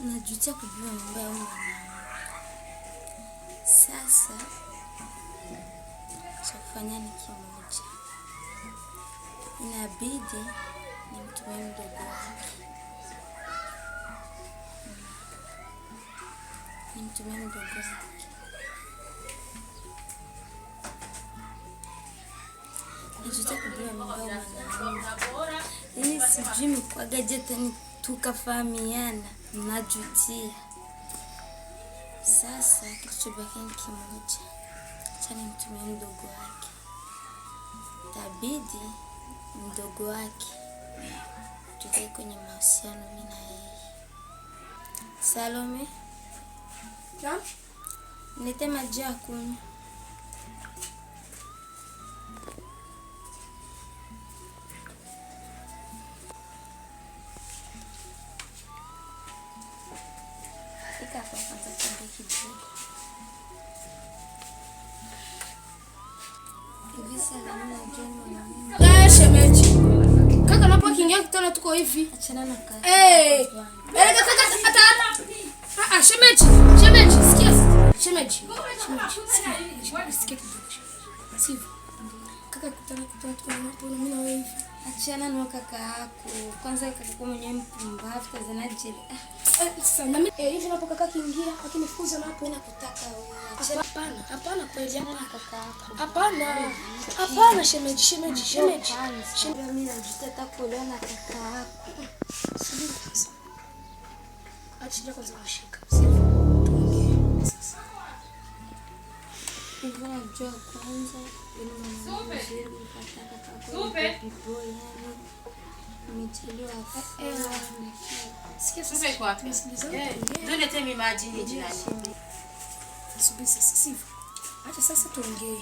Najutia kujua nyumba yangu. Sasa chakufanya ni kimoja, inabidi ni nimtue mdogo wake, nimtue mdogo wake, najutia kujua nyumba yangu, yaani sijui mikwaga jetani tukafahamiana najutia. Sasa kitu ni kimoja, chani mtumia mdogo wake, tabidi mdogo wake tukae kwenye mahusiano mimi na yeye. Salome, niletee maji ya kunywa. kitambaa kidogo shemeji. Kaka unapokiingia kitanda tuko hivi. shemeji, shemeji, sikia. Shemeji. Achana na kaka yako. Kwanza kaka kwa mwenyewe mpumbavu kazana jeli. Eh, Sana mimi eh, hivi napoka kaka kiingia akinifukuza na hapo ina kutaka wewe. Hapana, hapana kweli hapana kaka Hapana. Hapana shemeji, shemeji, shemeji. Shemeji mimi najiteta kuolewa na kaka yako. Subiri sasa. Acha kwanza kushika. Tuongee. Sasa. Ngoja kwanza. Supe. Supe. Eh, eh, eh, Acha sasa tuongee.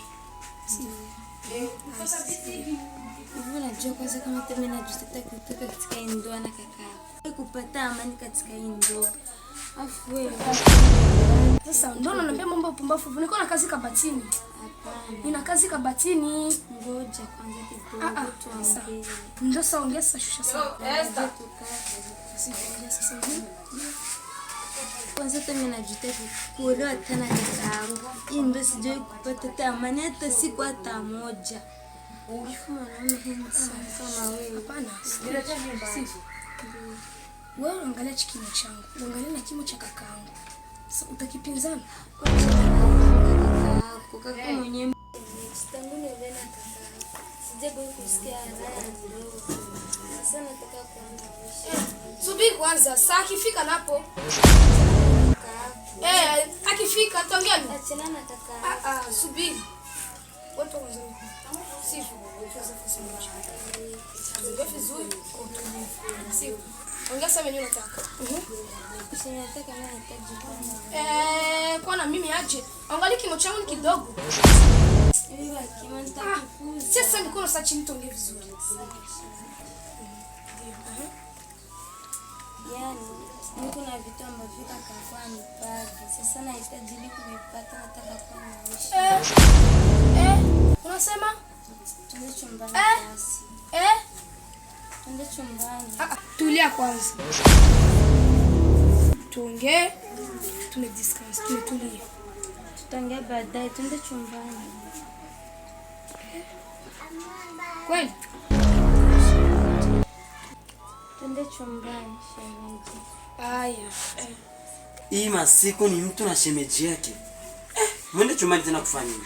Unajua kwanza kama mimi najitaka kutoka katika ndoa na kaka kupata amani katika ndoa. Afu wewe sasa ndio unaniambia mambo ya pumbafu. Niko na kazi kabatini. Nina kazi kabatini. Ngoja kwanza kidogo ah, ah, tuongee. Ndio sasa ongea sasa shusha sasa. Mhm. Kwanza tena najitahidi kuolewa tena nitangu. Hii ndio sijui kupata tamani hata siku hata moja. Ukifu mwanaume hensi ah, kama wewe. Hapana. Wewe angalia chikini changu. Angalia na kimo cha kakaangu. Utakipinzana? Kwa kukakaa eh. mwenyewe eh, subiri kwanza, saa akifika napo eh, akifika tuongea. Ah, ah, subiri vizuri Ongea sasa mimi nataka. Mhm. Eh, kwa na mimi aje. Angalia kimo changu ni kidogo. Ah, sasa niko na sachi mtu vizuri. Yaani niko na vitu ambavyo vitakaa nipate. Sasa nahitaji ili kuvipata nataka kwa maisha. Eh. unasema? Tunachombana basi. eh? eh. Twende chumbani. Ah, ah, tulia kwanza. Tuongee. Tunadiscuss, tumetulia. Tutaongea baadaye, twende chumbani. Kweli? Twende chumbani, shemeji. Aya. Eh. Hii masiku ni mtu na shemeji yake. Eh, mwende chumbani tena kufanya nini?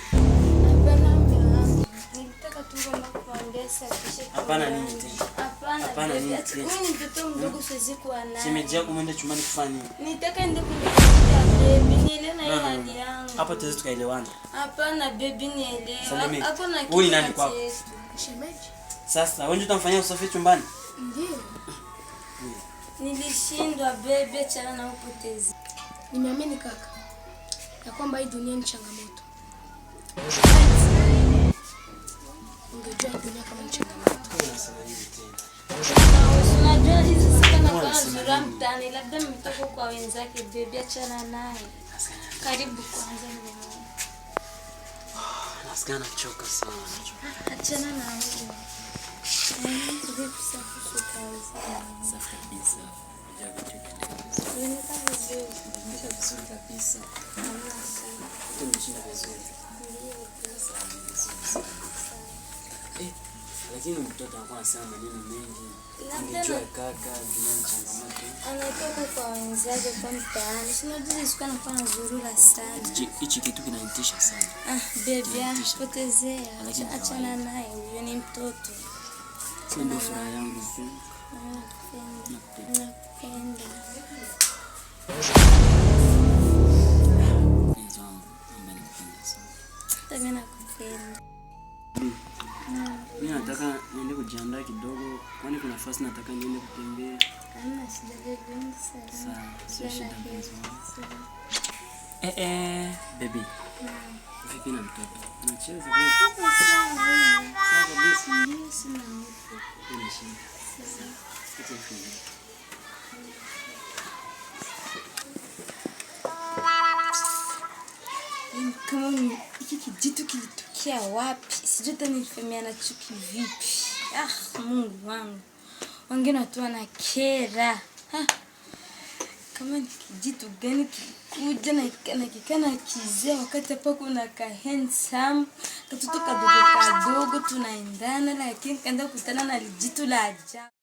Hapana, nilitaka tu kuongea sasa. Hapana, nini tena? Hapana, ni mtoto mdogo, siwezi kuwa hmm. naye. Shemeji yako mwende chumbani kufanya nini? Nitaka ende kunifuta baby, nielewe na yeye hadi yangu. Hapa tuweze tukaelewana. Hapana baby, nielewe. Hapo na kitu. Wewe ni nani kwako? Shemeji. Sasa wewe ndio utamfanyia usafi chumbani? Ndio. Nilishindwa baby, achana na upotezi. Nimeamini kaka, ya kwamba hii dunia ni changamoto. wenzake, bebi, achana naye. Karibu kwanza ah, Nasikia nachoka sana. Achana na Kabisa. Lakini mtoto anakuwa sana maneno mengi, kaka changamoto, anatoka kwa wenzake kwa mtaani, si unajua siku na anazurura sana. Hichi kitu kinanitisha sana. Ah, baby, ah, potezea, achana naye, huyo ni mtoto. Sio ndio furaha yangu tu. Ah, Nakupenda. kidogo, kwani kuna nafasi nataka niende kutembea. Eh eh, baby. Vipi na mtoto? Unacheza hiki kijitu kilitokea wapi? Sijui tena nifemea na chuki vipi. Ah, Mungu wangu, wengine watu kera kama ni kijitu gani kikuja na kikana kizee, wakati hapa kuna ka handsome katoto kadogo kadogo tunaendana, lakini kaenda kukutana na lijitu la ajabu.